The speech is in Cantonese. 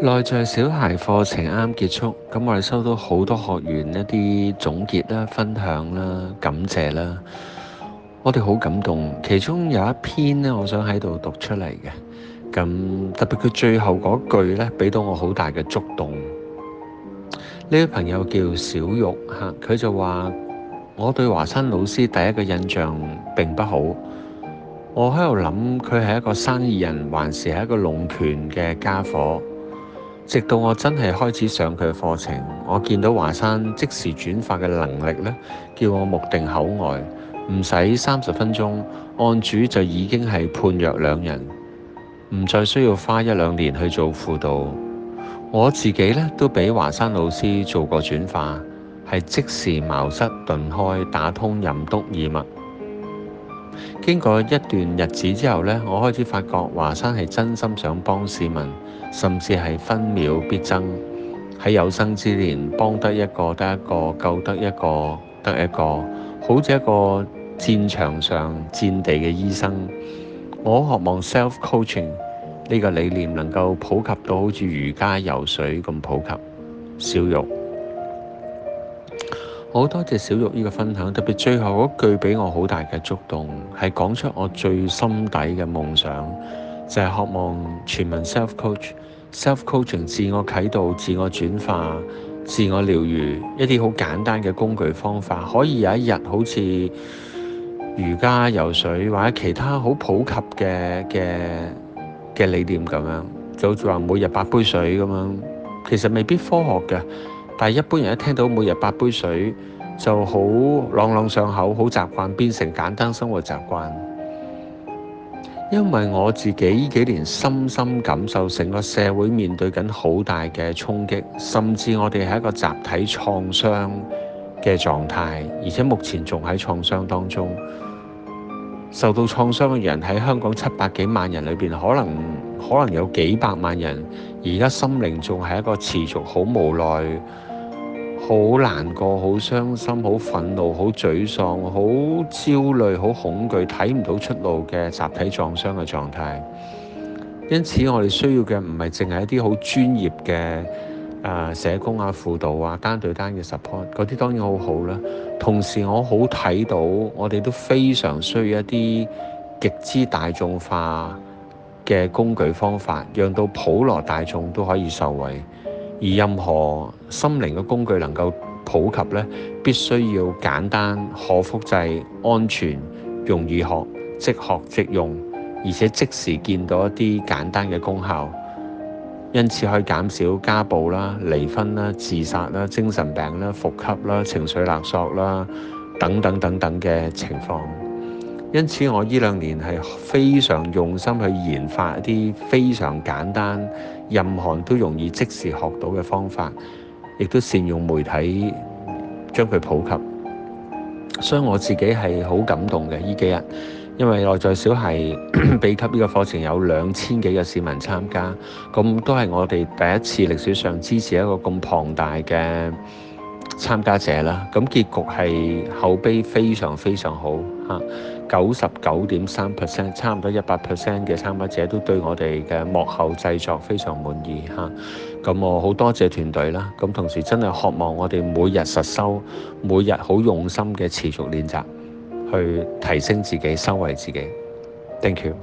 內在小孩課程啱結束，咁我哋收到好多學員一啲總結啦、分享啦、感謝啦，我哋好感動。其中有一篇呢，我想喺度讀出嚟嘅。咁特別佢最後嗰句呢，俾到我好大嘅觸動。呢位朋友叫小玉吓，佢就話：我對華山老師第一個印象並不好。我喺度諗佢係一個生意人，還是係一個龍拳嘅傢伙？直到我真係開始上佢嘅課程，我見到華山即時轉化嘅能力呢，叫我目定口呆，唔使三十分鐘，案主就已經係判若兩人，唔再需要花一兩年去做輔導。我自己呢，都俾華山老師做過轉化，係即時茅塞頓開，打通任督二脈。經過一段日子之後呢，我開始發覺華山係真心想幫市民，甚至係分秒必爭，喺有生之年幫得一個得一個救得一個得一個，好似一個戰場上戰地嘅醫生。我渴望 self coaching 呢個理念能夠普及到好似瑜伽游水咁普及。小玉。好多謝小玉呢個分享，特別最後嗰句俾我好大嘅觸動，係講出我最心底嘅夢想，就係渴望全民 self coach、self coaching、自我啟動、自我轉化、自我療愈一啲好簡單嘅工具方法，可以有一日好似瑜伽、游水或者其他好普及嘅嘅嘅理念咁樣，就好似話每日八杯水咁樣，其實未必科學嘅。但一般人一聽到每日八杯水就好朗朗上口，好習慣變成簡單生活習慣。因為我自己呢幾年深深感受，成個社會面對緊好大嘅衝擊，甚至我哋係一個集體創傷嘅狀態，而且目前仲喺創傷當中。受到創傷嘅人喺香港七百幾萬人裏邊，可能可能有幾百萬人，而家心靈仲係一個持續好無奈。好難過、好傷心、好憤怒、好沮喪、好焦慮、好恐懼、睇唔到出路嘅集體撞傷嘅狀態。因此，我哋需要嘅唔係淨係一啲好專業嘅、呃、社工啊、輔導啊、單對單嘅 support，嗰啲當然好好啦。同時，我好睇到我哋都非常需要一啲極之大眾化嘅工具方法，讓到普羅大眾都可以受惠。而任何心靈嘅工具能夠普及咧，必須要簡單、可複製、安全、容易學、即學即用，而且即時見到一啲簡單嘅功效，因此可以減少家暴啦、離婚啦、自殺啦、精神病啦、復吸啦、情緒勒索啦等等等等嘅情況。因此，我呢兩年係非常用心去研發一啲非常簡單、任何都容易即時學到嘅方法，亦都善用媒體將佢普及。所以我自己係好感動嘅呢幾日，因為內在小孩秘笈呢個課程有兩千幾個市民參加，咁都係我哋第一次歷史上支持一個咁龐大嘅參加者啦。咁結局係口碑非常非常好嚇。九十九點三 percent，差唔多一百 percent 嘅參加者都對我哋嘅幕後製作非常滿意嚇。咁、啊、我好多謝團隊啦。咁、啊、同時真係渴望我哋每日實修，每日好用心嘅持續練習，去提升自己，收惠自己。Thank you。